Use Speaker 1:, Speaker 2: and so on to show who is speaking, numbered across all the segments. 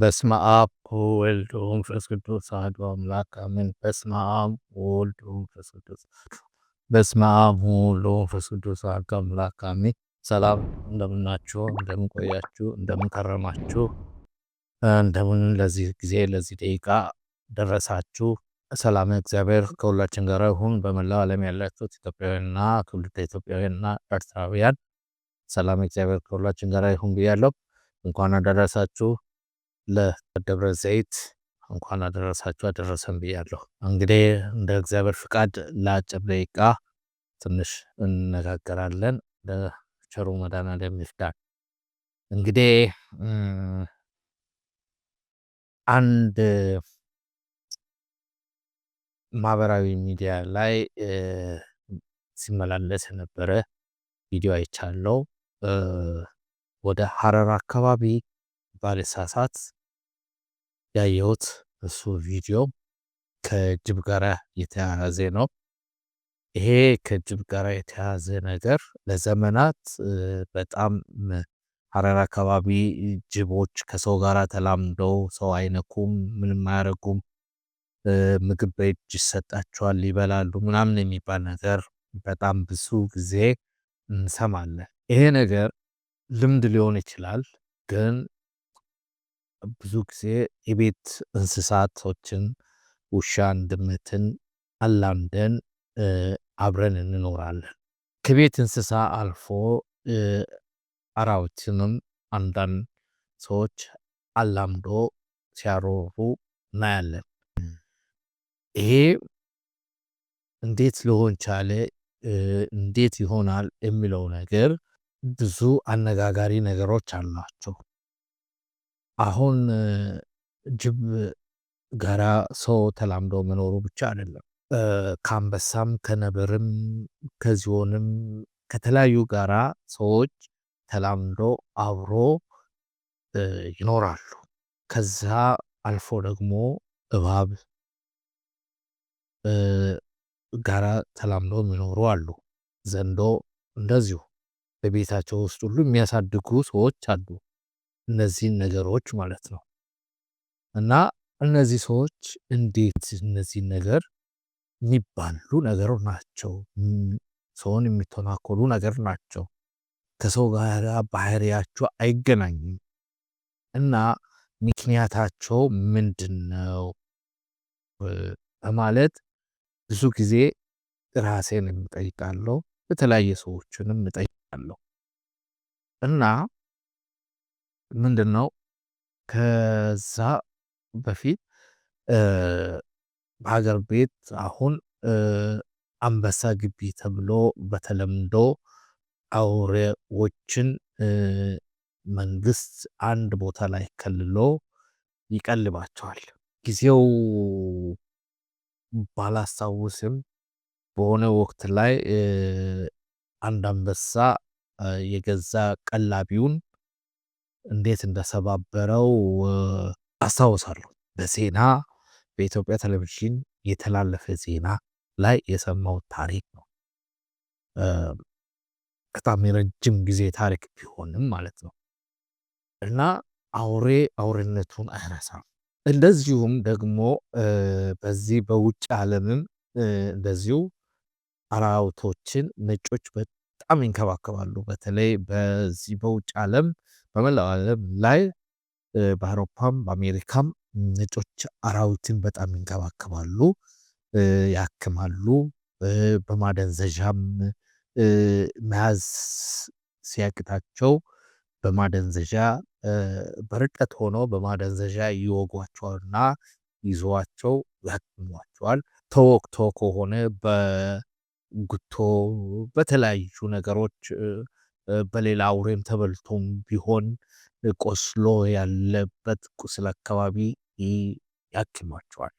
Speaker 1: በስመ አብ ወወልድ ወመንፈስ ቅዱስ አሐዱ አምላክ አሜን። በስመ አብ ወወልድ ወመንፈስ ቅዱስ በስመ አብ ወወልድ ወመንፈስ ቅዱስ አሐዱ አምላክ አሜን። ሰላም እንደምናችሁ፣ እንደምንቆያችሁ፣ እንደምንከረማችሁ፣ እንደምን ለዚህ ጊዜ ለዚህ ደቂቃ ደረሳችሁ። ሰላም እግዚአብሔር ከሁላችን ጋር ይሁን። በመላው ዓለም ያላችሁት ኢትዮጵያውያንና ትውልደ ኢትዮጵያውያንና ኤርትራውያን ሰላም እግዚአብሔር ከሁላችን ጋር ይሁን ብያለሁ። እንኳን አደረሳችሁ። ለደብረ ዘይት እንኳን አደረሳችሁ አደረሰን ብያለሁ። እንግዲህ እንደ እግዚአብሔር ፍቃድ ለአጭር ደቂቃ ትንሽ እንነጋገራለን። ለቸሩ መድኃኔዓለም ይፍዳል። እንግዲህ አንድ ማህበራዊ ሚዲያ ላይ ሲመላለስ የነበረ ቪዲዮ አይቻለው። ወደ ሀረር አካባቢ ባልሳሳት ያየሁት እሱ ቪዲዮ ከጅብ ጋር የተያያዘ ነው። ይሄ ከጅብ ጋር የተያያዘ ነገር ለዘመናት በጣም ሀረር አካባቢ ጅቦች ከሰው ጋር ተላምደው ሰው አይነኩም፣ ምንም አያደርጉም፣ ምግብ በእጅ ይሰጣቸዋል፣ ይበላሉ ምናምን የሚባል ነገር በጣም ብዙ ጊዜ እንሰማለን። ይሄ ነገር ልምድ ሊሆን ይችላል ግን ብዙ ጊዜ የቤት እንስሳቶችን ውሻን፣ ድመትን አላምደን አብረን እንኖራለን። ከቤት እንስሳ አልፎ አራዊትንም አንዳንድ ሰዎች አላምዶ ሲያሮሩ እናያለን። ይሄ እንዴት ሊሆን ቻለ? እንዴት ይሆናል? የሚለው ነገር ብዙ አነጋጋሪ ነገሮች አሏቸው። አሁን ጅብ ጋራ ሰው ተላምዶ መኖሩ ብቻ አይደለም። ከአንበሳም፣ ከነብርም፣ ከዚሆንም ከተለያዩ ጋራ ሰዎች ተላምዶ አብሮ ይኖራሉ። ከዛ አልፎ ደግሞ እባብ ጋራ ተላምዶ የሚኖሩ አሉ። ዘንዶ እንደዚሁ በቤታቸው ውስጥ ሁሉ የሚያሳድጉ ሰዎች አሉ። እነዚህን ነገሮች ማለት ነው። እና እነዚህ ሰዎች እንዴት እነዚህ ነገር የሚባሉ ነገር ናቸው፣ ሰውን የሚተናኮሉ ነገር ናቸው። ከሰው ጋር ባህሪያቸው አይገናኝም። እና ምክንያታቸው ምንድን ነው በማለት ብዙ ጊዜ ራሴን የምጠይቃለሁ፣ የተለያየ ሰዎችንም እጠይቃለሁ እና ምንድን ነው ከዛ በፊት በሀገር ቤት አሁን አንበሳ ግቢ ተብሎ በተለምዶ አውሬዎችን መንግስት አንድ ቦታ ላይ ከልሎ ይቀልባቸዋል። ጊዜው ባላስታውስም በሆነ ወቅት ላይ አንድ አንበሳ የገዛ ቀላቢውን እንዴት እንደሰባበረው አስታውሳለሁ። በዜና በኢትዮጵያ ቴሌቪዥን የተላለፈ ዜና ላይ የሰማው ታሪክ ነው። በጣም የረጅም ጊዜ ታሪክ ቢሆንም ማለት ነው እና አውሬ አውሬነቱን አይረሳም። እንደዚሁም ደግሞ በዚህ በውጭ ዓለምም እንደዚሁ አራውቶችን ነጮች በጣም ይንከባከባሉ። በተለይ በዚህ በውጭ ዓለም በመላው ላይ በአውሮፓም በአሜሪካም ነጮች አራዊትን በጣም ይንከባከባሉ፣ ያክማሉ። በማደንዘዣም መያዝ ሲያቅታቸው በማደንዘዣ በርቀት ሆኖ በማደንዘዣ ይወጓቸዋልና ይዘዋቸው ያክሟቸዋል። ተወቅቶ ከሆነ በጉቶ በተለያዩ ነገሮች በሌላ አውሬም ተበልቶም ቢሆን ቆስሎ ያለበት ቁስል አካባቢ ያክማቸዋል።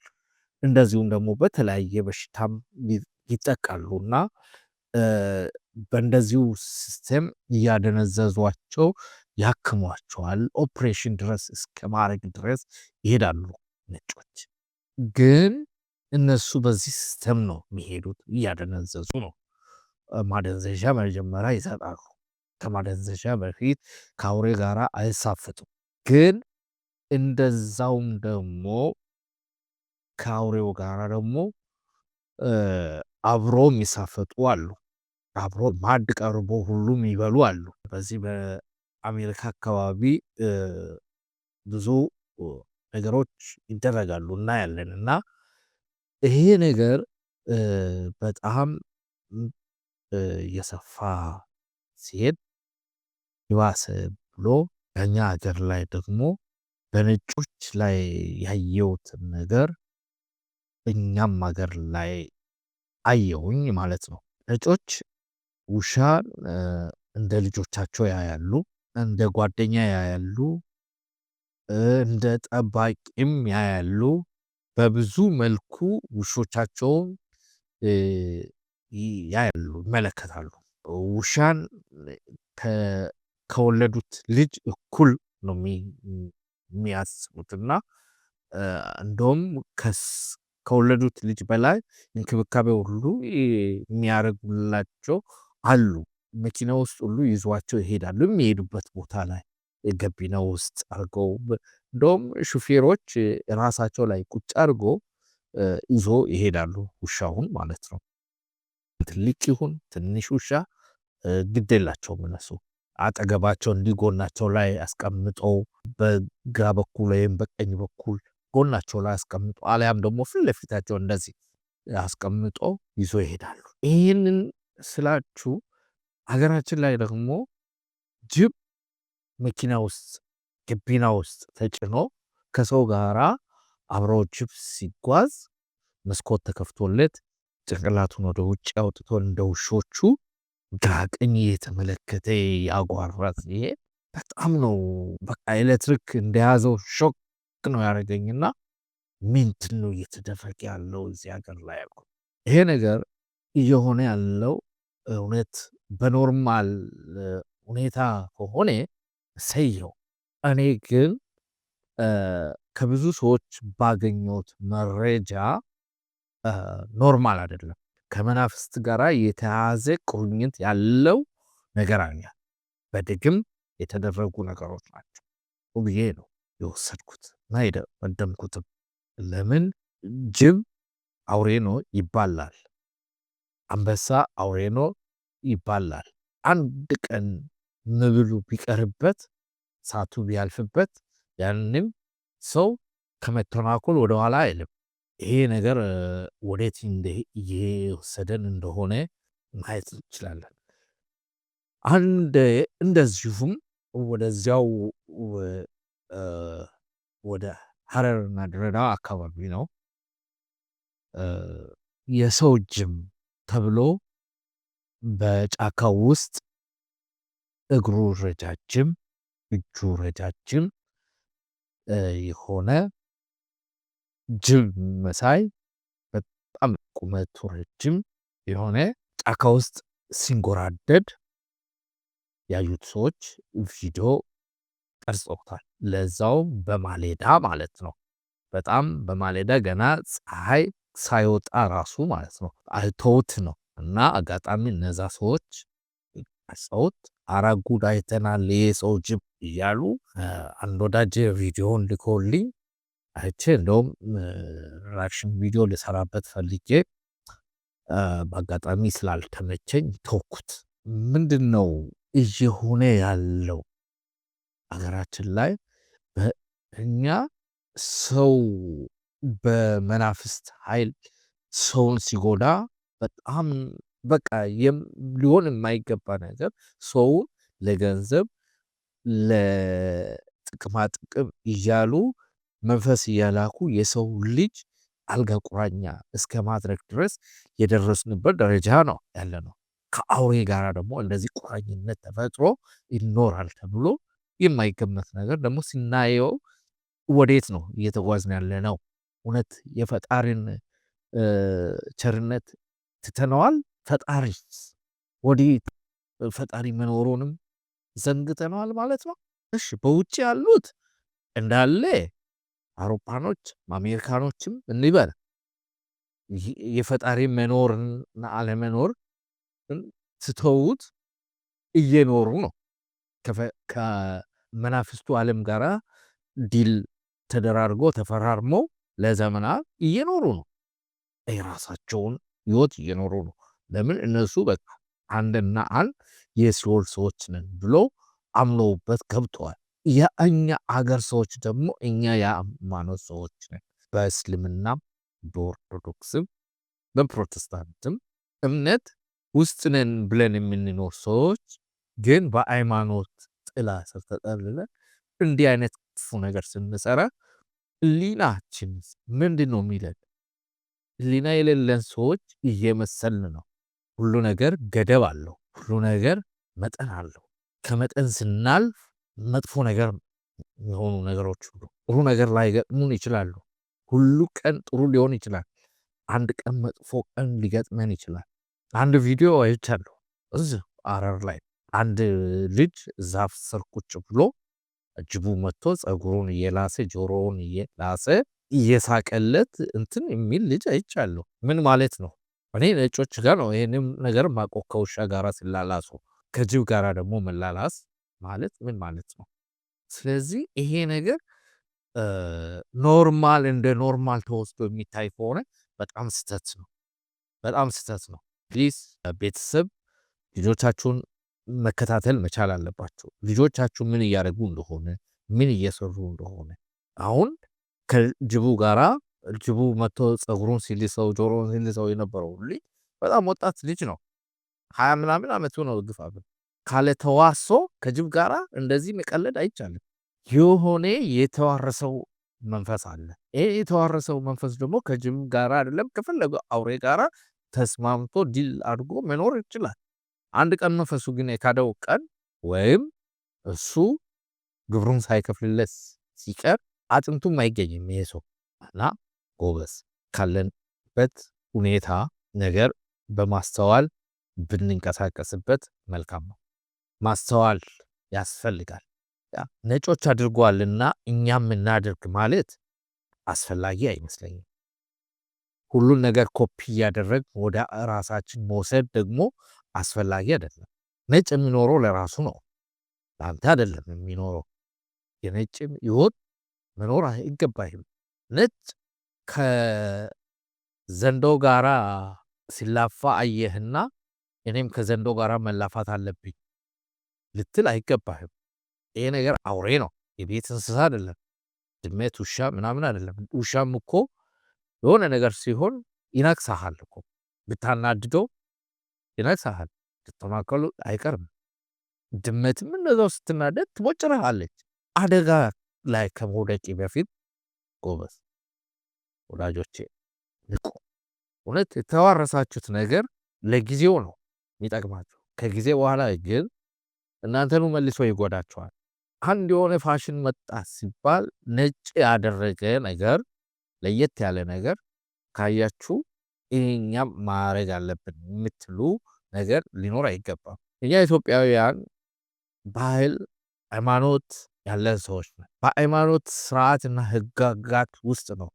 Speaker 1: እንደዚሁም ደግሞ በተለያየ በሽታም ይጠቃሉ እና በእንደዚሁ ሲስቴም እያደነዘዟቸው ያክሟቸዋል። ኦፕሬሽን ድረስ እስከ ማድረግ ድረስ ይሄዳሉ። ነጮች ግን እነሱ በዚህ ሲስተም ነው የሚሄዱት። እያደነዘዙ ነው። ማደንዘዣ መጀመሪያ ይሰጣሉ። ከማደንዘሻ በፊት ከአውሬ ጋር አይሳፍጡም። ግን እንደዛውም ደግሞ ከአውሬው ጋር ደግሞ አብሮ የሚሳፈጡ አሉ። አብሮ ማድ ቀርቦ ሁሉም ይበሉ አሉ። በዚህ በአሜሪካ አካባቢ ብዙ ነገሮች ይደረጋሉ እናያለን። እና ይሄ ነገር በጣም የሰፋ ሲሄድ ይባስ ብሎ በእኛ ሀገር ላይ ደግሞ በነጮች ላይ ያየሁትን ነገር እኛም ሀገር ላይ አየሁኝ ማለት ነው። ነጮች ውሻ እንደ ልጆቻቸው ያያሉ፣ እንደ ጓደኛ ያያሉ፣ እንደ ጠባቂም ያያሉ። በብዙ መልኩ ውሾቻቸውን ያያሉ፣ ይመለከታሉ። ውሻን ከወለዱት ልጅ እኩል ነው የሚያስቡት እና እንደውም ከወለዱት ልጅ በላይ እንክብካቤ ሁሉ የሚያደርጉላቸው አሉ። መኪና ውስጥ ሁሉ ይዟቸው ይሄዳሉ። የሚሄዱበት ቦታ ላይ ገቢና ውስጥ አድርገው እንደውም ሹፌሮች ራሳቸው ላይ ቁጭ አድርጎ ይዞ ይሄዳሉ። ውሻውን ማለት ነው። ትልቅ ይሁን ትንሽ ውሻ ግድ የላቸውም እነሱ። አጠገባቸው እንዲህ ጎናቸው ላይ አስቀምጦ በግራ በኩል ወይም በቀኝ በኩል ጎናቸው ላይ አስቀምጦ አልያም ደግሞ ፊት ለፊታቸው እንደዚህ አስቀምጦ ይዞ ይሄዳሉ። ይህንን ስላችሁ ሀገራችን ላይ ደግሞ ጅብ መኪና ውስጥ ግቢና ውስጥ ተጭኖ ከሰው ጋራ አብሮ ጅብ ሲጓዝ መስኮት ተከፍቶለት ጭንቅላቱን ወደ ውጭ አውጥቶ እንደ ውሾቹ ዳግም እየተመለከተ ያጓራት ይሄ በጣም ነው በቃ ኤሌክትሪክ እንደያዘው ሾክ ነው ያደረገኝና ምንድን ነው እየተደረገ ያለው እዚህ ሀገር ላይ አልኩ። ይሄ ነገር እየሆነ ያለው እውነት በኖርማል ሁኔታ ከሆነ ሰየው። እኔ ግን ከብዙ ሰዎች ባገኘት መረጃ ኖርማል አይደለም። ከመናፍስት ጋር የተያዘ ቁርኝት ያለው ነገር አለ። በድግም የተደረጉ ነገሮች ናቸው ብዬ ነው የወሰድኩት እና የደመደምኩትም። ለምን ጅብ አውሬ ነው ይባላል፣ አንበሳ አውሬ ነው ይባላል። አንድ ቀን መብሉ ቢቀርበት ሳቱ ቢያልፍበት ያንም ሰው ከመተናኮል ወደኋላ አይልም። ይሄ ነገር ወዴት እየወሰደን እንደሆነ ማየት እንችላለን። አንድ እንደዚሁም ወደዚያው ወደ ሀረርና ድሬዳዋ አካባቢ ነው የሰው ጅም ተብሎ በጫካው ውስጥ እግሩ ረጃጅም እጁ ረጃጅም የሆነ ጅብ መሳይ በጣም ቁመቱ ረጅም የሆነ ጫካ ውስጥ ሲንጎራደድ ያዩት ሰዎች ቪዲዮ ቀርጾታል። ለዛው በማሌዳ ማለት ነው። በጣም በማሌዳ ገና ፀሐይ ሳይወጣ ራሱ ማለት ነው። አልተውት ነው እና አጋጣሚ እነዛ ሰዎች ሰውት አራጉድ አይተናል፣ ይሄ ሰው ጅብ እያሉ አንድ ወዳጅ ቪዲዮን ልኮልኝ አይቼ እንደውም ሪያክሽን ቪዲዮ ልሰራበት ፈልጌ በአጋጣሚ ስላልተመቸኝ ተውኩት። ምንድን ነው እየሆነ ያለው አገራችን ላይ? እኛ ሰው በመናፍስት ኃይል ሰውን ሲጎዳ በጣም በቃ ሊሆን የማይገባ ነገር ሰውን ለገንዘብ ለጥቅማጥቅም እያሉ መንፈስ እያላኩ የሰው ልጅ አልጋ ቁራኛ እስከ ማድረግ ድረስ የደረስንበት ደረጃ ነው ያለ ነው። ከአውሬ ጋር ደግሞ እንደዚህ ቁራኝነት ተፈጥሮ ይኖራል ተብሎ የማይገመት ነገር ደግሞ ሲናየው ወዴት ነው እየተጓዝን ያለ ነው? እውነት የፈጣሪን ቸርነት ትተነዋል? ፈጣሪ ወዴት ፈጣሪ መኖሩንም ዘንግተነዋል ማለት ነው። እሺ በውጭ ያሉት እንዳለ አውሮፓኖች አሜሪካኖችም እንበል የፈጣሪ መኖርና አለመኖር ትተውት እየኖሩ ነው። ከመናፍስቱ ዓለም ጋር ዲል ተደራርጎ ተፈራርሞ ለዘመናት እየኖሩ ነው። የራሳቸውን ህይወት እየኖሩ ነው። ለምን እነሱ በቃ አንድና አንድ የሲኦል ሰዎች ነን ብሎ አምነውበት ገብተዋል። የእኛ አገር ሰዎች ደግሞ እኛ የሃይማኖት ሰዎች ነን። በእስልምናም በኦርቶዶክስም በፕሮቴስታንትም እምነት ውስጥ ነን ብለን የምንኖር ሰዎች ግን በሃይማኖት ጥላ ስር ተጠልለን እንዲህ አይነት ክፉ ነገር ስንሰራ ሊናችን ምንድን ነው የሚለን? ሊና የሌለን ሰዎች እየመሰልን ነው። ሁሉ ነገር ገደብ አለው። ሁሉ ነገር መጠን አለው። ከመጠን ስናልፍ መጥፎ ነገር የሆኑ ነገሮች ሁሉ ጥሩ ነገር ላይገጥሙን ይችላሉ። ሁሉ ቀን ጥሩ ሊሆን ይችላል። አንድ ቀን መጥፎ ቀን ሊገጥመን ይችላል። አንድ ቪዲዮ አይቻለሁ። እዚ አረር ላይ አንድ ልጅ ዛፍ ስር ቁጭ ብሎ ጅቡ መጥቶ ጸጉሩን እየላሰ ጆሮውን እየላሰ እየሳቀለት እንትን የሚል ልጅ አይቻለሁ። ምን ማለት ነው? እኔ ነጮች ጋር ነው ይህንም ነገር ማቆከውሻ ጋራ ሲላላሱ ከጅብ ጋራ ደግሞ መላላስ ማለት ምን ማለት ነው? ስለዚህ ይሄ ነገር ኖርማል እንደ ኖርማል ተወስዶ የሚታይ ከሆነ በጣም ስተት ነው፣ በጣም ስተት ነው። ፕሊስ ቤተሰብ ልጆቻችሁን መከታተል መቻል አለባቸው። ልጆቻችሁ ምን እያደረጉ እንደሆነ ምን እየሰሩ እንደሆነ አሁን ከጅቡ ጋራ ጅቡ መጥቶ ፀጉሩን ሲልሰው ጆሮን ሲልሰው የነበረው ልጅ በጣም ወጣት ልጅ ነው። ሀያ ምናምን አመቱ ነው ግፋብን ካለ ተዋሶ ከጅብ ጋር እንደዚህ መቀለድ አይቻልም። የሆነ የተዋረሰው መንፈስ አለ። ይህ የተዋረሰው መንፈስ ደግሞ ከጅብ ጋር አይደለም ከፈለገ አውሬ ጋር ተስማምቶ ድል አድርጎ መኖር ይችላል። አንድ ቀን መንፈሱ ግን የካደው ቀን ወይም እሱ ግብሩን ሳይከፍልለት ሲቀር አጥንቱም አይገኝም ይሄ ሰው እና ጎበዝ ካለንበት ሁኔታ ነገር በማስተዋል ብንንቀሳቀስበት መልካም ነው። ማስተዋል ያስፈልጋል። ነጮች አድርጓልና እኛም እናድርግ ማለት አስፈላጊ አይመስለኝም። ሁሉን ነገር ኮፒ እያደረግ ወደ ራሳችን መውሰድ ደግሞ አስፈላጊ አይደለም። ነጭ የሚኖረው ለራሱ ነው፣ ለአንተ አይደለም የሚኖረው። የነጭ ይሁን መኖር አይገባህም። ነጭ ከዘንዶ ጋራ ሲላፋ አየህና እኔም ከዘንዶ ጋራ መላፋት አለብኝ ልትል አይገባህም። ይሄ ነገር አውሬ ነው፣ የቤት እንስሳ አይደለም፣ ድመት፣ ውሻ ምናምን አይደለም። ውሻም እኮ የሆነ ነገር ሲሆን ይነክሳሃል እኮ ብታናድደው ይነክሳሃል፣ ልትተናከሉ አይቀርም። ድመትም እነዛው ስትናደድ ትቦጭረሃለች። አደጋ ላይ ከመውደቂ በፊት ጎበዝ ወዳጆቼ ንቁ። እውነት የተዋረሳችሁት ነገር ለጊዜው ነው የሚጠቅማችሁ። ከጊዜ በኋላ ግን እናንተኑ መልሶ ይጎዳቸዋል። አንድ የሆነ ፋሽን መጣ ሲባል ነጭ ያደረገ ነገር፣ ለየት ያለ ነገር ካያችሁ ይህኛም ማድረግ አለብን የምትሉ ነገር ሊኖር አይገባም። እኛ ኢትዮጵያውያን ባህል፣ ሃይማኖት ያለን ሰዎች ነው። በሃይማኖት ስርዓትና ህጋጋት ውስጥ ነው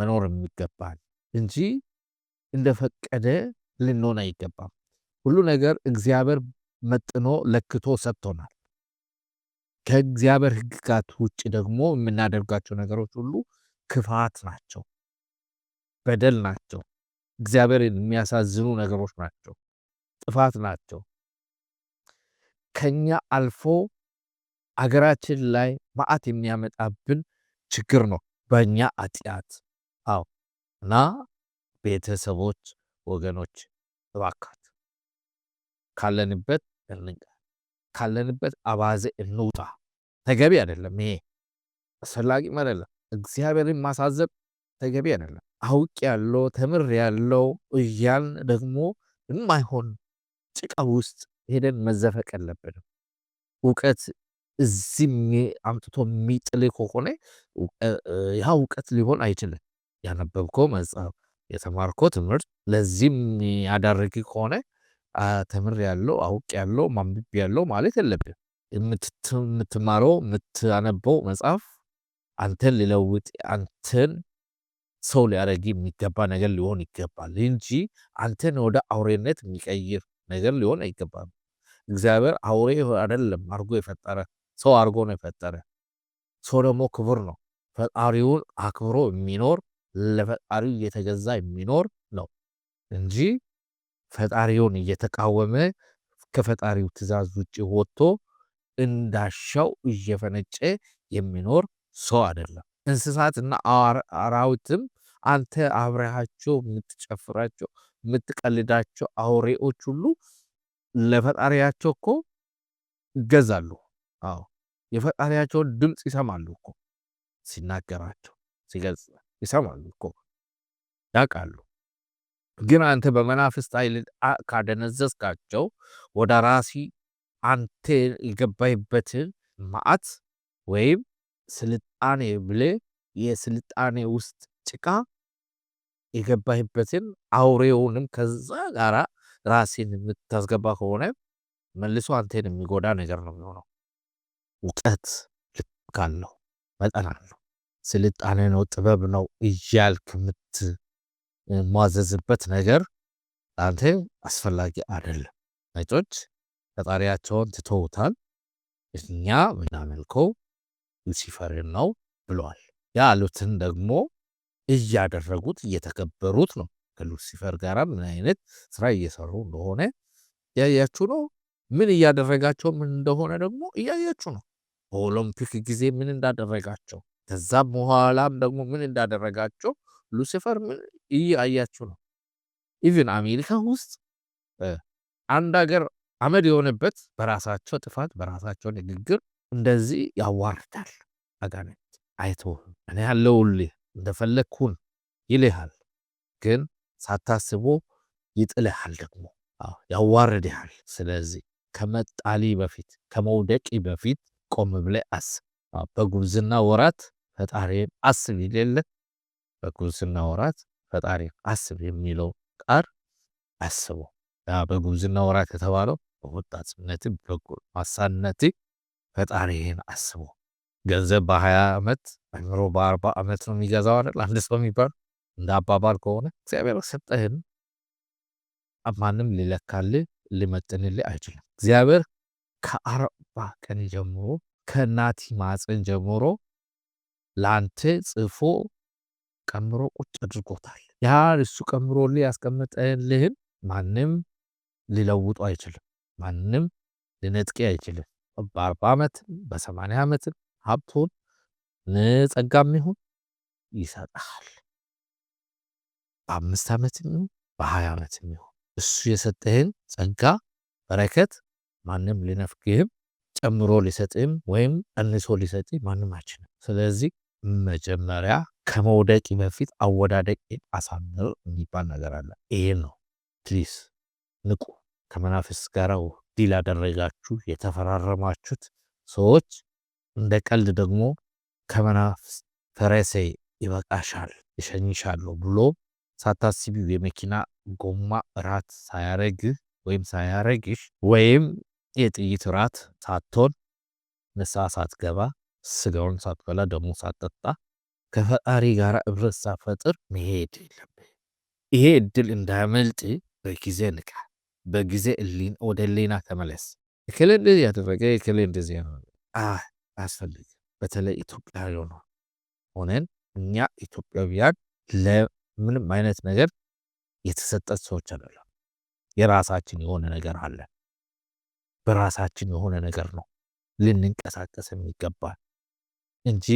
Speaker 1: መኖር የሚገባል እንጂ እንደፈቀደ ልንሆን አይገባም። ሁሉ ነገር እግዚአብሔር መጥኖ ለክቶ ሰጥቶናል። ከእግዚአብሔር ሕግጋት ውጭ ደግሞ የምናደርጋቸው ነገሮች ሁሉ ክፋት ናቸው፣ በደል ናቸው፣ እግዚአብሔር የሚያሳዝኑ ነገሮች ናቸው፣ ጥፋት ናቸው። ከኛ አልፎ አገራችን ላይ መዓት የሚያመጣብን ችግር ነው በእኛ አጢአት። አዎ እና ቤተሰቦች፣ ወገኖች እባካት ካለንበት እንንቃ፣ ካለንበት አባዜ እንውጣ። ተገቢ አይደለም። ይሄ አስፈላጊም አይደለም። እግዚአብሔርን ማሳዘብ ተገቢ አይደለም። አውቅ ያለው ተምር ያለው እያልን ደግሞ የማይሆን ጭቃ ውስጥ ሄደን መዘፈቅ የለብንም። እውቀት እዚህ አምጥቶ የሚጥል ከሆነ ያ እውቀት ሊሆን አይችልም። ያነበብከው መጽሐፍ የተማርኮ ትምህርት ለዚህም ያዳረግ ከሆነ ተምር ያለው አውቅ ያለው ማንብብ ያለው ማለት የለብም። የምትማረው የምታነበው መጽሐፍ አንተን ሊለውጥ አንተን ሰው ሊያደረግ የሚገባ ነገር ሊሆን ይገባል እንጂ አንተን ወደ አውሬነት የሚቀይር ነገር ሊሆን አይገባም። እግዚአብሔር አውሬ አይደለም አርጎ የፈጠረ ሰው አርጎ ነው የፈጠረ። ሰው ደግሞ ክቡር ነው። ፈጣሪውን አክብሮ የሚኖር ለፈጣሪው እየተገዛ የሚኖር ነው እንጂ ፈጣሪውን እየተቃወመ ከፈጣሪው ትእዛዝ ውጭ ወጥቶ እንዳሻው እየፈነጨ የሚኖር ሰው አይደለም። እንስሳትና አራዊትም አንተ አብረሃቸው የምትጨፍራቸው የምትቀልዳቸው አውሬዎች ሁሉ ለፈጣሪያቸው እኮ ይገዛሉ። አዎ የፈጣሪያቸውን ድምፅ ይሰማሉ እኮ ሲናገራቸው ሲገልጽ ይሰማሉ እኮ ያውቃሉ። ግን አንተ በመናፍስት ኃይል ካደነዘዝካቸው ወደ ራሲ አንተ የገባይበትን ማአት ወይም ስልጣኔ ብለ የስልጣኔ ውስጥ ጭቃ የገባይበትን አውሬውንም ከዛ ጋር ራሴን የምታስገባ ከሆነ መልሶ አንተን የሚጎዳ ነገር ነው የሚሆነው። እውቀት ልካለው መጠና ነው፣ ስልጣኔ ነው፣ ጥበብ ነው እያልክ ምት የማዘዝበት ነገር ለአንተ አስፈላጊ አይደለም። ነጮች ፈጣሪያቸውን ትተውታል፣ እኛ ምናመልከው ሉሲፈርን ነው ብለዋል። ያሉትን ደግሞ እያደረጉት እየተከበሩት ነው። ከሉሲፈር ጋር ምን አይነት ስራ እየሰሩ እንደሆነ እያያችሁ ነው። ምን እያደረጋቸው ምን እንደሆነ ደግሞ እያያችሁ ነው። በኦሎምፒክ ጊዜ ምን እንዳደረጋቸው ከዛም በኋላም ደግሞ ምን እንዳደረጋቸው ሉሲፈር እያያችሁ ነው። ኢቭን አሜሪካ ውስጥ አንድ ሀገር አመድ የሆነበት በራሳቸው ጥፋት በራሳቸው ንግግር እንደዚህ ያዋርዳል። አጋነት አይተውህም እኔ ያለውልህ እንደፈለግኩን ይልሃል፣ ግን ሳታስቦ ይጥልሃል፣ ደግሞ ያዋርድሃል። ስለዚህ ከመጣሊ በፊት ከመውደቂ በፊት ቆም ብለ አስብ። በጉብዝና ወራት ፈጣሪ አስብ ይሌለ በጉብዝና ወራት ፈጣሪ አስብ የሚለው ቃል አስቦ በጉብዝና ወራት የተባለው በወጣትነት በጎ ማሳነት ፈጣሪህን አስቦ ገንዘብ በሀያ ዓመት አእምሮ በአርባ ዓመት ነው የሚገዛው አይደል? አንድ ሰው የሚባል እንደ አባባል ከሆነ እግዚአብሔር ሰጠህን ማንም ሊለካልህ ሊመጥንልህ አይችልም። እግዚአብሔር ከአርባ ቀን ጀምሮ ከእናት ማፀን ጀምሮ ለአንተ ጽፎ ቀምሮ ቁጭ አድርጎታል። ያ እሱ ቀምሮልህ ያስቀመጠልህን ማንም ሊለውጡ አይችልም። ማንም ሊነጥቂ አይችልም። በአርባ ዓመት በሰማንያ ዓመት ሀብቱን ንጸጋም ይሁን ይሰጣል። በአምስት ዓመት ይሁን በሀያ ዓመት ይሁን እሱ የሰጠህን ጸጋ በረከት ማንም ሊነፍግህም ጨምሮ ሊሰጥህም ወይም ቀንሶ ሊሰጥህ ማንም አይችልም። ስለዚህ መጀመሪያ ከመውደቂ በፊት አወዳደቅ አሳምር የሚባል ነገር አለ። ይሄ ነው ፕሊስ፣ ንቁ። ከመናፍስ ጋር ዲል ያደረጋችሁ የተፈራረማችሁት ሰዎች እንደ ቀልድ ደግሞ ከመናፍስ ፈረሴ ይበቃሻል፣ ይሸኝሻለሁ ብሎ ሳታስቢው የመኪና ጎማ እራት ሳያረግ ወይም ሳያረግሽ ወይም የጥይት እራት ሳትሆን ንሳ ሳትገባ ስጋውን ሳትበላ ደግሞ ሳትጠጣ ከፈጣሪ ጋር እብረት ሳፈጥር መሄድ የለብህ። ይሄ እድል እንዳያመልጥ በጊዜ ንቃ፣ በጊዜ እሊን ወደ ሌና ተመለስ። እክል እንደዚህ ያደረገ እክል እንደዚህ አስፈልግ። በተለይ ኢትዮጵያዊ ነው ሆነን እኛ ኢትዮጵያውያን ለምንም አይነት ነገር የተሰጠት ሰዎች አይደለም። የራሳችን የሆነ ነገር አለ። በራሳችን የሆነ ነገር ነው ልንንቀሳቀስ የሚገባ እንጂ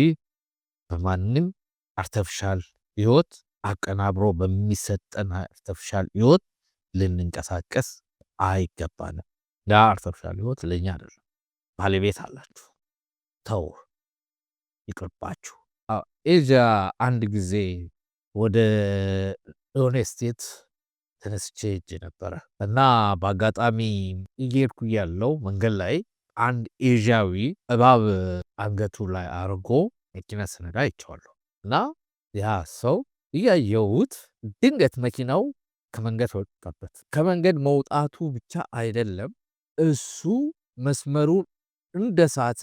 Speaker 1: በማንም አርተፍሻል ህይወት አቀናብሮ በሚሰጠን አርተፍሻል ህይወት ልንንቀሳቀስ አይገባንም። ያ አርተፍሻል ህይወት ለእኛ አይደለም። ባለቤት አላችሁ፣ ተው፣ ይቅርባችሁ። ኤዥያ አንድ ጊዜ ወደ ሆነ ስቴት ተነስቼ እጅ ነበረ እና በአጋጣሚ እየሄድኩ ያለው መንገድ ላይ አንድ ኤዥያዊ እባብ አንገቱ ላይ አርጎ መኪና ስነዳ አይቼዋለሁ እና ያ ሰው እያየሁት ድንገት መኪናው ከመንገድ ወጣበት። ከመንገድ መውጣቱ ብቻ አይደለም፣ እሱ መስመሩን እንደሳተ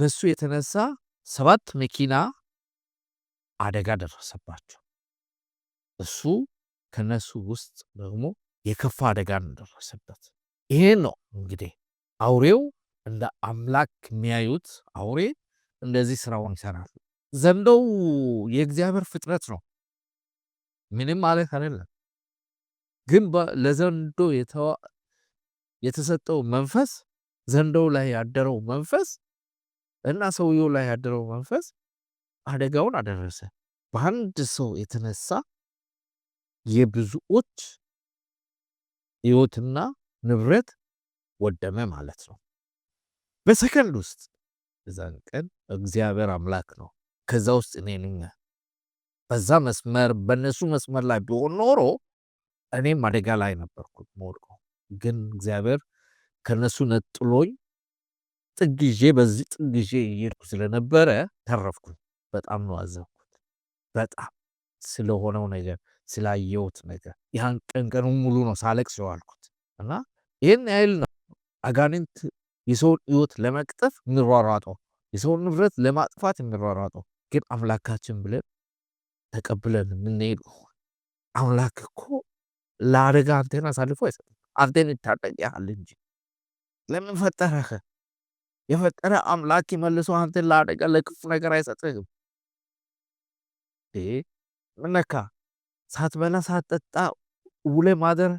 Speaker 1: በሱ የተነሳ ሰባት መኪና አደጋ ደረሰባቸው። እሱ ከነሱ ውስጥ ደግሞ የከፋ አደጋ ደረሰበት። ይሄ ነው እንግዲህ አውሬው እንደ አምላክ የሚያዩት አውሬ እንደዚህ ስራውን ይሰራል። ዘንዶው የእግዚአብሔር ፍጥረት ነው፣ ምንም ማለት አይደለም። ግን ለዘንዶ የተሰጠው መንፈስ ዘንዶው ላይ ያደረው መንፈስ እና ሰውየው ላይ ያደረው መንፈስ አደጋውን አደረሰ። በአንድ ሰው የተነሳ የብዙዎች ህይወትና ንብረት ወደመ ማለት ነው በሰከንድ ውስጥ እዛን ቀን እግዚአብሔር አምላክ ነው። ከዛ ውስጥ እኔ ነኝ። በዛ መስመር በእነሱ መስመር ላይ ቢሆን ኖሮ እኔም አደጋ ላይ ነበርኩ የምወድቀው። ግን እግዚአብሔር ከነሱ ነጥሎኝ ጥግ ይዤ በዚህ ጥግ ይዤ እየሄድኩ ስለነበረ ተረፍኩኝ። በጣም ነው አዘንኩት። በጣም ስለሆነው ነገር ስላየሁት ነገር ያን ቀን ሙሉ ነው ሳለቅስ የዋልኩት እና ይህን ያህል ነው አጋንንት የሰውን ህይወት ለመቅጠፍ የሚሯሯጠው። የሰውን ንብረት ለማጥፋት እንሯሯጠው፣ ግን አምላካችን ብለን ተቀብለን የምንሄድ አምላክ እኮ ለአደጋ አንተን አሳልፎ አይሰጥም። አንተን ይታደግሃል እንጂ ለምን ፈጠረህ? የፈጠረ አምላክ መልሶ አንተን ለአደጋ ለክፉ ነገር አይሰጥህም። ምነካ ሳትበላ ሳትጠጣ ውለ ማደር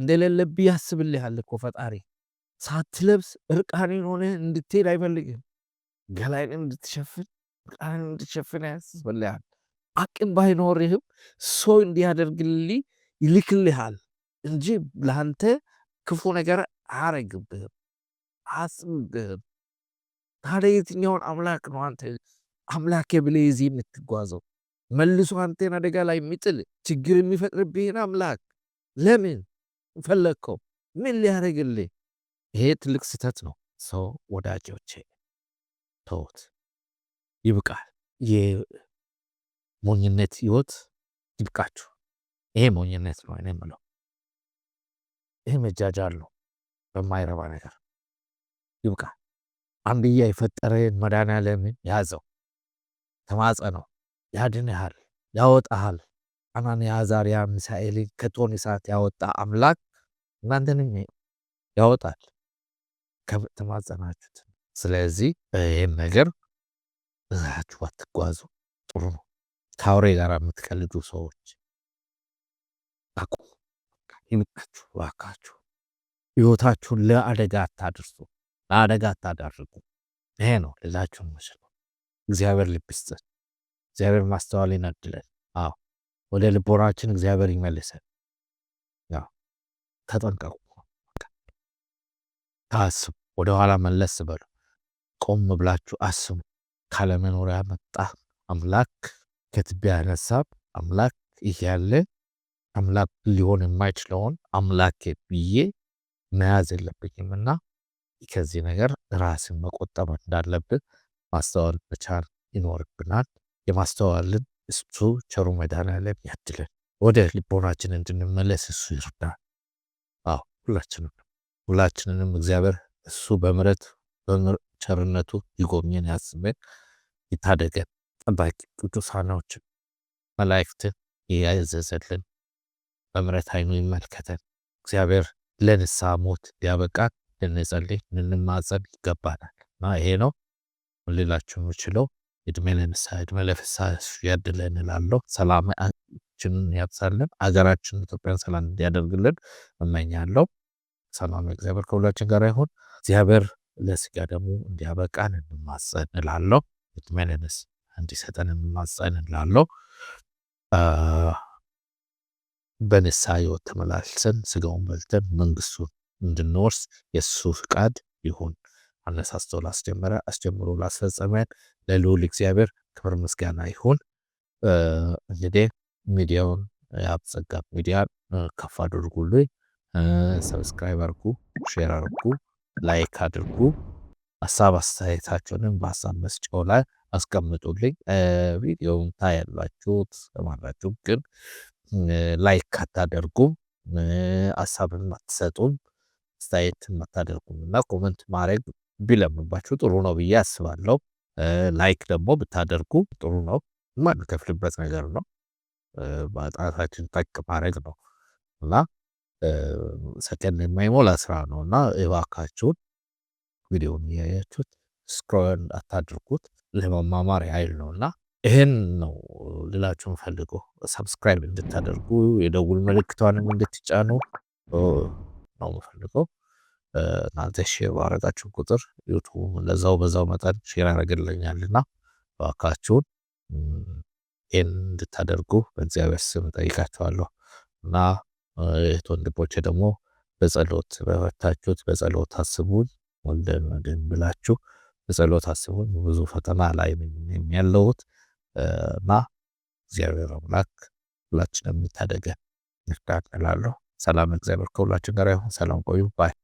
Speaker 1: እንደሌለብህ ያስብልሃል እኮ ፈጣሪ። ሳትለብስ እርቃኔን ሆነ እንድትሄድ አይፈልግም። ገላይን እንድትሸፍን ቃልን እንድትሸፍን ያስፈልሃል። አቅም ባይኖርህም ሰው እንዲያደርግልህ ይልክልሃል እንጂ ለአንተ ክፉ ነገር አያረግብህም፣ አስብብህም። ታዲያ የትኛውን አምላክ ነው አንተ አምላኬ ብለህ የዚህ የምትጓዘው? መልሶ አንተን አደጋ ላይ የሚጥል ችግር የሚፈጥርብህን አምላክ ለምን ፈለግከው? ምን ሊያደርግልህ? ይሄ ትልቅ ስህተት ነው። ሰው ወዳጆቼ ተውት፣ ይብቃ። የሞኝነት ህይወት ይብቃችሁ። ይሄ ሞኝነት ነው እኔ የምለው። ይሄ መጃጃል ነው በማይረባ ነገር ይብቃ። አንድያ የፈጠረህን መድኃኒዓለምን ያዘው፣ ተማጸነው፣ ያድንሃል፣ ያወጣሃል። አናንያ፣ አዛርያ፣ ሚሳኤልን ከእቶን እሳት ያወጣ አምላክ እናንተንም ያወጣል። ተማጸናችሁት። ስለዚህ ይህም ነገር እዛችሁ አትጓዙ፣ ጥሩ ነው። ከአውሬ ጋር የምትቀልዱ ሰዎች አቁሙ። ይምጣችሁ እባካችሁ፣ ህይወታችሁን ለአደጋ አታድርሱ፣ ለአደጋ አታዳርጉ። ይሄ ነው ልላችሁ ምችል። እግዚአብሔር ልብ ይስጥን፣ እግዚአብሔር ማስተዋል ይነድለን። አዎ ወደ ልቦናችን እግዚአብሔር ይመልሰን። ተጠንቀቁ፣ ታስቡ፣ ወደኋላ መለስ በሉ። ቆም ብላችሁ አስቡ። ካለመኖሪያ መጣ አምላክ ከትቢያ ያነሳብ አምላክ ይህ ያለ አምላክ ሊሆን የማይችለውን አምላክ ብዬ መያዝ የለብኝም እና ከዚህ ነገር ራስን መቆጠብ እንዳለብን ማስተዋል መቻል ይኖርብናል። የማስተዋልን እሱ ቸሩ መድኃኔዓለም ያድለን። ወደ ልቦናችን እንድንመለስ እሱ ይርዳል። ሁላችንም ሁላችንንም እግዚአብሔር እሱ በምረት ቸርነቱ ይጎብኘን፣ ያስበን፣ ይታደገን። ጠባቂ ቅዱሳኖች መላእክትን ያዘዘልን በምሕረት ዓይኑ ይመልከተን። እግዚአብሔር ለንስሐ ሞት ሊያበቃን ልንጸልይ ልንማጸን ይገባናል እና ይሄ ነው ልላችሁ የምችለው። እድሜ ለንስሐ እድሜ ለፍስሐ ያድለን እላለሁ። ሰላማችንን ያብዛልን፣ አገራችን ኢትዮጵያን ሰላም እንዲያደርግልን እመኛለሁ። ሰላም እግዚአብሔር ከሁላችን ጋር ይሁን። እግዚአብሔር ለስጋ ደግሞ እንዲያበቃን እንማጸን እላለሁ። እድሜ እንዲሰጠን እንማጸን እላለሁ። በንስሐ ሕይወት ተመላልሰን ስጋውን በልተን መንግስቱን እንድንወርስ የእሱ ፍቃድ ይሁን። አነሳስቶ ላስጀመረ አስጀምሮ ላስፈጸመን ለልዑል እግዚአብሔር ክብር ምስጋና ይሁን። እንግዲህ ሚዲያውን የአብጸጋ ጸጋ ሚዲያ ከፍ አድርጉልኝ፣ ሰብስክራይብ አርጉ፣ ሼር አርጉ። ላይክ አድርጉ። ሀሳብ አስተያየታችሁንም በሀሳብ መስጫው ላይ አስቀምጡልኝ። ቪዲዮውን ታያላችሁት ማላችሁም ግን ላይክ አታደርጉም፣ ሀሳብን አትሰጡም፣ አስተያየትን አታደርጉም እና ኮመንት ማድረግ ቢለምባችሁ ጥሩ ነው ብዬ አስባለሁ። ላይክ ደግሞ ብታደርጉ ጥሩ ነው። ማንከፍልበት ነገር ነው። በጣታችን ጠቅ ማድረግ ነው እና ሰከንድ የማይሞላ ስራ ነው እና እባካችሁን ቪዲዮን እያያችሁት ስክሮል አታድርጉት። ለመማማር ያህል ነው እና ይህን ነው ልላችሁን ፈልጎ ሰብስክራይብ እንድታደርጉ የደውል ምልክቷንም እንድትጫኑ ነው ምፈልገው። እናንተ ሼር ባረጋችሁ ቁጥር ዩቱብ ለዛው በዛው መጠን ሼር ያደርግልኛል እና እባካችሁን ይህን እንድታደርጉ በእግዚአብሔር ስም ጠይቃችኋለሁ እና እህት ወንድሞቼ ደግሞ በጸሎት በፈታችሁት በጸሎት አስቡን ወልደን ብላችሁ በጸሎት አስቡን። ብዙ ፈተና ላይ ያለሁት እና እግዚአብሔር አምላክ ሁላችን የምታደገ ይርዳን ሰላም እግዚአብሔር ከሁላችን ጋር ይሁን። ሰላም ቆዩ ባይ